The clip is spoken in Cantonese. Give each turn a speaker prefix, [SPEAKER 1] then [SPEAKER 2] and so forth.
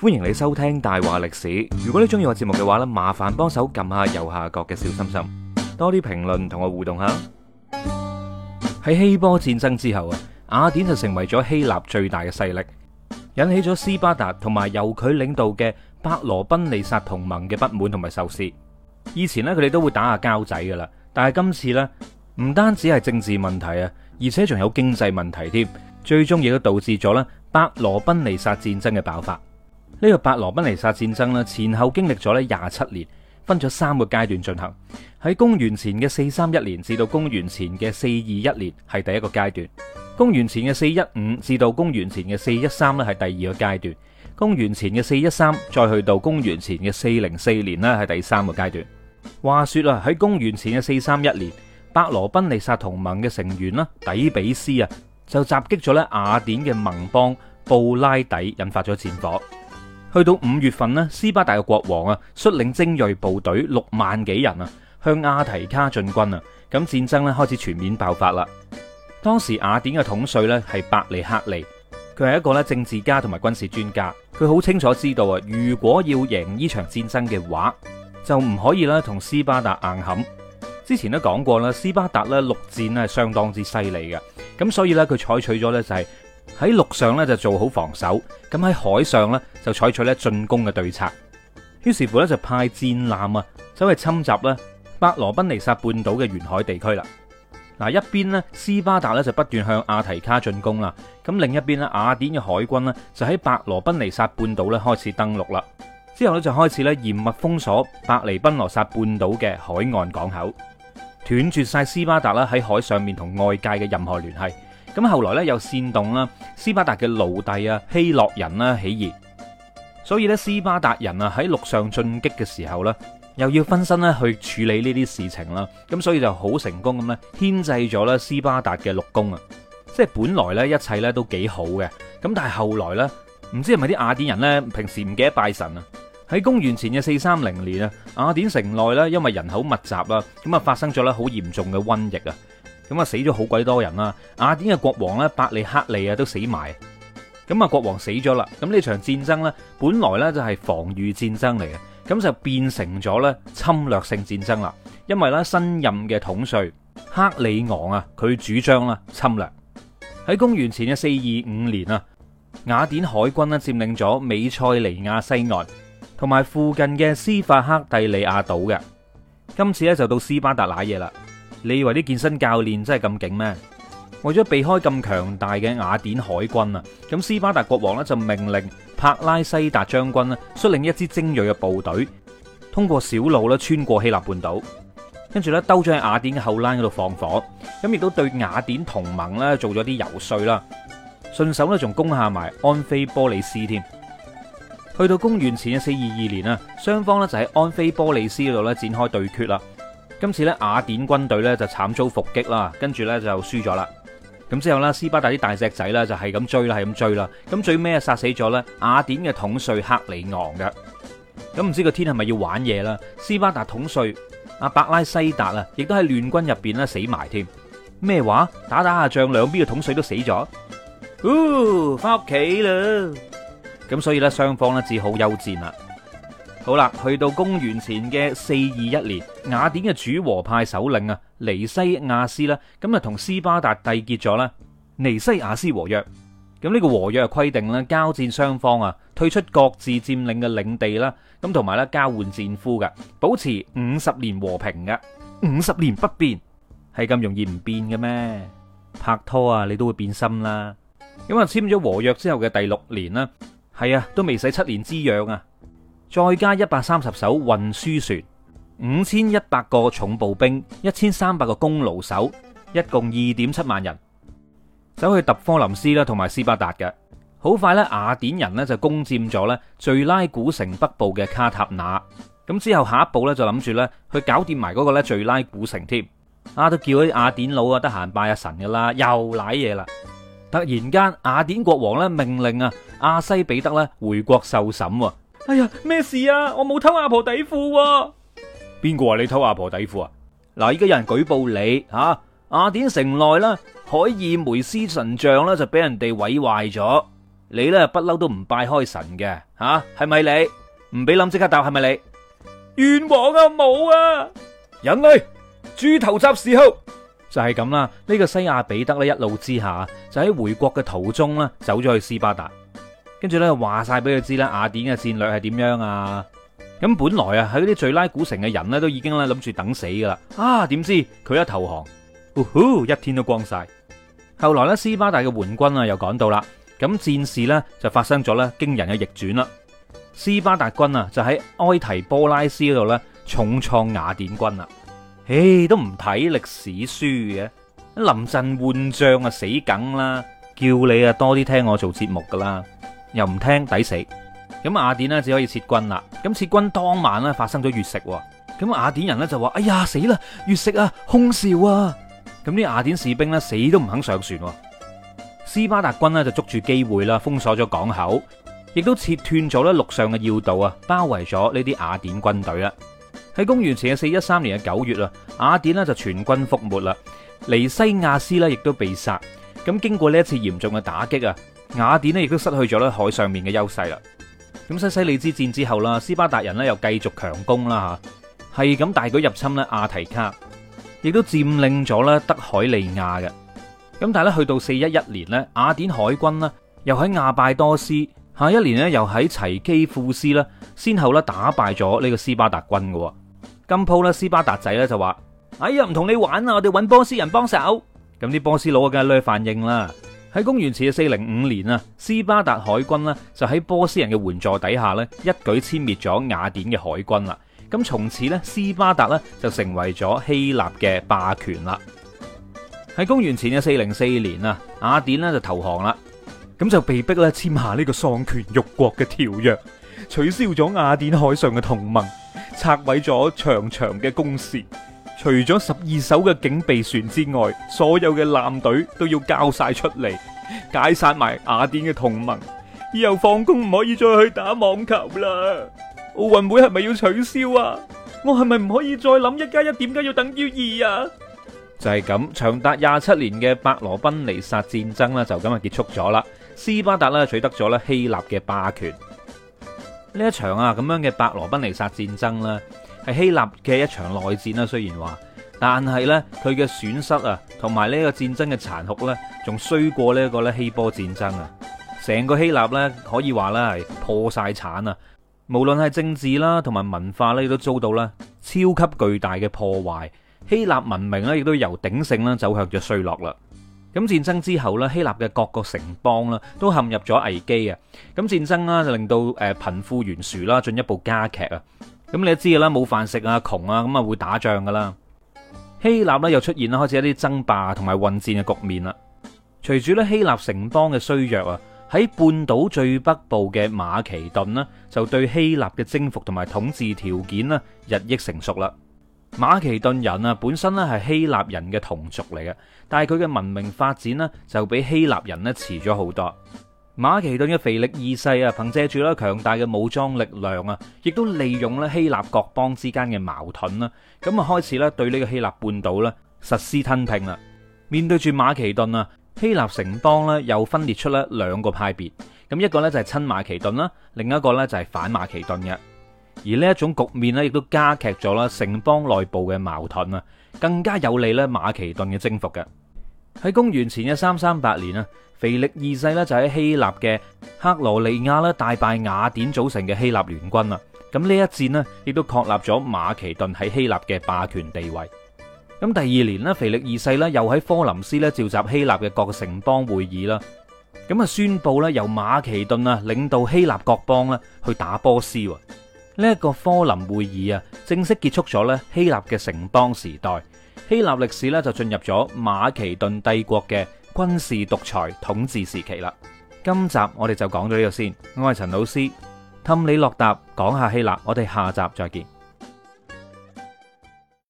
[SPEAKER 1] 歡迎你收聽大話歷史。如果你中意我節目嘅話咧，麻煩幫手撳下右下角嘅小心心，多啲評論同我互動下。喺希波戰爭之後啊，雅典就成為咗希臘最大嘅勢力，引起咗斯巴達同埋由佢領導嘅伯羅奔尼撒同盟嘅不滿同埋仇視。以前咧，佢哋都會打下交仔噶啦，但係今次呢，唔單止係政治問題啊，而且仲有經濟問題添，最終亦都導致咗呢。伯羅奔尼撒戰爭嘅爆發，呢、這個伯羅奔尼撒戰爭呢，前後經歷咗呢廿七年，分咗三個階段進行。喺公元前嘅四三一年至到公元前嘅四二一年係第一個階段，公元前嘅四一五至到公元前嘅四一三呢係第二個階段，公元前嘅四一三再去到公元前嘅四零四年呢係第三個階段。話說啊，喺公元前嘅四三一年，伯羅奔尼撒同盟嘅成員啦底比斯啊。就襲擊咗咧雅典嘅盟邦布拉底，引發咗戰火。去到五月份咧，斯巴達嘅國王啊率領精銳部隊六萬幾人啊向阿提卡進軍啊，咁戰爭咧開始全面爆發啦。當時雅典嘅統帥咧係伯利克利，佢係一個咧政治家同埋軍事專家，佢好清楚知道啊，如果要贏呢場戰爭嘅話，就唔可以咧同斯巴達硬撼。之前都講過啦，斯巴達咧陸戰咧係相當之犀利嘅，咁所以咧佢採取咗咧就係喺陸上咧就做好防守，咁喺海上咧就採取咧進攻嘅對策。於是乎咧就派戰艦艦啊走去侵襲啦，伯羅奔尼撒半島嘅沿海地區啦。嗱，一邊呢斯巴達咧就不斷向阿提卡進攻啦，咁另一邊呢雅典嘅海軍呢，就喺伯羅奔尼撒半島咧開始登陸啦，之後咧就開始咧嚴密封鎖伯離奔羅撒半島嘅海岸港口。斷絕晒斯巴達啦喺海上面同外界嘅任何聯繫，咁後來咧又煽動啦斯巴達嘅奴隸啊希洛人啦起義，所以咧斯巴達人啊喺陸上進擊嘅時候咧又要分身咧去處理呢啲事情啦，咁所以就好成功咁咧牽制咗咧斯巴達嘅陸攻啊，即係本來咧一切咧都幾好嘅，咁但係後來咧唔知係咪啲雅典人咧平時唔記得拜神啊？喺公元前嘅四三零年啊，雅典城內咧，因為人口密集啦，咁啊發生咗咧好嚴重嘅瘟疫啊，咁啊死咗好鬼多人啦。雅典嘅國王咧，伯利克利啊，都死埋。咁啊，國王死咗啦，咁呢場戰爭咧，本來咧就係防禦戰爭嚟嘅，咁就變成咗咧侵略性戰爭啦。因為咧新任嘅統帥克里昂啊，佢主張啦侵略。喺公元前嘅四二五年啊，雅典海軍咧佔領咗美塞尼亞西岸。同埋附近嘅斯法克蒂里亞島嘅，今次咧就到斯巴達那嘢啦。你以為啲健身教練真係咁勁咩？為咗避開咁強大嘅雅典海軍啊，咁斯巴達國王呢，就命令柏拉西達將軍咧率領一支精銳嘅部隊，通過小路呢穿過希臘半島，跟住咧兜咗喺雅典嘅後欄嗰度放火，咁亦都對雅典同盟呢，做咗啲游說啦，順手呢，仲攻下埋安菲波利斯添。去到公元前四二二年啊，雙方呢就喺安菲波利斯嗰度呢展開對決啦。今次呢，雅典軍隊呢就慘遭伏擊啦，跟住呢就輸咗啦。咁之後呢，斯巴達啲大隻仔呢就係咁追啦，係咁追啦。咁最尾啊殺死咗呢雅典嘅統帥克里昂嘅。咁唔知個天係咪要玩嘢啦？斯巴達統帥阿伯拉西達啊，亦都喺亂軍入邊呢死埋添。咩話？打打下仗，兩邊嘅統帥都死咗。嗚、哦，翻屋企啦。咁所以咧，雙方咧只好休戰啦。好啦，去到公元前嘅四二一年，雅典嘅主和派首領啊，尼西亞斯啦，咁啊同斯巴達締結咗啦尼西亞斯和約。咁呢個和約規定咧，交戰雙方啊退出各自佔領嘅領地啦，咁同埋咧交換戰俘㗎，保持五十年和平㗎，五十年不變係咁容易唔變嘅咩？拍拖啊，你都會變心啦。咁啊，嗯，簽咗和約之後嘅第六年啦。係啊，都未使七年之癢啊，再加一百三十艘運輸船，五千一百個重步兵，一千三百個功勞手，一共二點七萬人，走去奪科林斯啦，同埋斯巴達嘅。好快呢，雅典人呢就攻占咗呢敘拉古城北部嘅卡塔那，咁之後下一步呢，就諗住呢去搞掂埋嗰個呢敘拉古城，添。啊，都叫啲雅典佬啊得閒拜下神噶啦，又瀨嘢啦。突然間，雅典國王咧命令啊，阿西比德咧回國受審。哎呀，咩事啊？我冇偷阿婆底褲喎啊。邊個話你偷阿婆底褲啊？嗱，依家有人舉報你吓啊，雅典城內啦，海爾梅斯神像咧就俾人哋毀壞咗。你咧不嬲都唔拜開神嘅吓，係咪你？唔俾諗，即刻答，係咪你？冤枉啊！冇啊！人類豬頭雜事後。候。就係咁啦，呢、這個西亞彼得咧一怒之下，就喺回國嘅途中咧，走咗去斯巴達，跟住咧話晒俾佢知啦，雅典嘅戰略係點樣啊？咁本來啊喺啲敘拉古城嘅人呢，都已經咧諗住等死噶啦，啊點知佢一投降，呼、哦、呼、哦，一天都光晒。後來呢，斯巴達嘅援軍啊又趕到啦，咁戰事呢，就發生咗咧驚人嘅逆轉啦，斯巴達軍啊就喺埃提波拉斯嗰度咧重創雅典軍啊。誒，hey, 都唔睇歷史書嘅，臨陣換將啊死梗啦！叫你啊多啲聽我做節目噶啦，又唔聽抵死。咁雅典呢，只可以撤軍啦。咁撤軍當晚呢，發生咗月食，咁雅典人呢，就話：哎呀死啦，月食啊，凶兆啊！咁啲雅典士兵呢，死都唔肯上船。斯巴達軍呢，就捉住機會啦，封鎖咗港口，亦都切斷咗咧陸上嘅要道啊，包圍咗呢啲雅典軍隊啦。喺公元前嘅四一三年嘅九月啦，雅典呢就全軍覆沒啦。尼西亞斯呢亦都被殺。咁經過呢一次嚴重嘅打擊啊，雅典呢亦都失去咗咧海上面嘅優勢啦。咁西西里之戰之後啦，斯巴達人呢又繼續強攻啦吓，係咁大舉入侵呢阿提卡，亦都佔領咗咧德海利亞嘅。咁但係咧去到四一一年呢，雅典海軍呢又喺亞拜多斯，下一年呢，又喺齊基庫斯呢先後咧打敗咗呢個斯巴達軍嘅。今鋪咧，斯巴達仔咧就話：哎呀，唔同你玩啦，我哋搵波斯人幫手。咁啲波斯佬梗係攰反應啦。喺公元前嘅四零五年啊，斯巴達海軍呢就喺波斯人嘅援助底下呢，一舉殲滅咗雅典嘅海軍啦。咁從此呢，斯巴達呢就成為咗希臘嘅霸權啦。喺公元前嘅四零四年啊，雅典呢就投降啦，咁 就被逼咧簽下呢個喪權辱國嘅條約，取消咗雅典海上嘅同盟。拆毀咗長長嘅工事，除咗十二艘嘅警備船之外，所有嘅艦隊都要交晒出嚟，解散埋雅典嘅同盟。以後放工唔可以再去打網球啦。奧運會係咪要取消啊？我係咪唔可以再諗一加一點解要等於二啊？就係咁，長達廿七年嘅伯羅奔尼撒戰爭呢，就咁啊結束咗啦。斯巴達呢取得咗咧希臘嘅霸權。呢一場啊咁樣嘅伯羅奔尼撒戰爭啦，係希臘嘅一場內戰啦。雖然話，但係呢，佢嘅損失啊，同埋呢個戰爭嘅殘酷呢，仲衰過呢個呢希波戰爭啊。成個希臘呢，可以話呢係破晒產啊，無論係政治啦，同埋文化呢、啊，都遭到咧超級巨大嘅破壞。希臘文明呢、啊，亦都由鼎盛啦走向咗衰落啦。咁戰爭之後咧，希臘嘅各個城邦啦，都陷入咗危機啊！咁戰爭啦，就令到誒貧富懸殊啦，進一步加劇啊！咁你都知啦，冇飯食啊，窮啊，咁啊會打仗噶啦！希臘咧又出現啦，開始一啲爭霸同埋混戰嘅局面啦。隨住咧希臘城邦嘅衰弱啊，喺半島最北部嘅馬其頓呢，就對希臘嘅征服同埋統治條件咧，日益成熟啦。馬其頓人啊，本身咧係希臘人嘅同族嚟嘅，但係佢嘅文明發展咧就比希臘人咧遲咗好多。馬其頓嘅腓力二世啊，憑借住咧強大嘅武裝力量啊，亦都利用咧希臘各邦之間嘅矛盾啦，咁啊開始咧對呢個希臘半島啦實施吞併啦。面對住馬其頓啊，希臘城邦咧又分裂出咧兩個派別，咁一個咧就係親馬其頓啦，另一個咧就係反馬其頓嘅。而呢一種局面咧，亦都加劇咗啦，城邦內部嘅矛盾啊，更加有利咧馬其頓嘅征服嘅。喺公元前嘅三三八年啊，腓力二世咧就喺希臘嘅克羅利亞咧大敗雅典組成嘅希臘聯軍啦。咁呢一戰咧，亦都確立咗馬其頓喺希臘嘅霸權地位。咁第二年咧，腓力二世咧又喺科林斯咧召集希臘嘅各城邦會議啦，咁啊宣佈咧由馬其頓啊領導希臘各邦啦去打波斯。呢一個科林會議啊，正式結束咗呢，希臘嘅城邦時代，希臘歷史呢，就進入咗馬其頓帝國嘅軍事獨裁統治時期啦。今集我哋就講到呢度先，我係陳老師，氹你落搭講下希臘，我哋下集再見。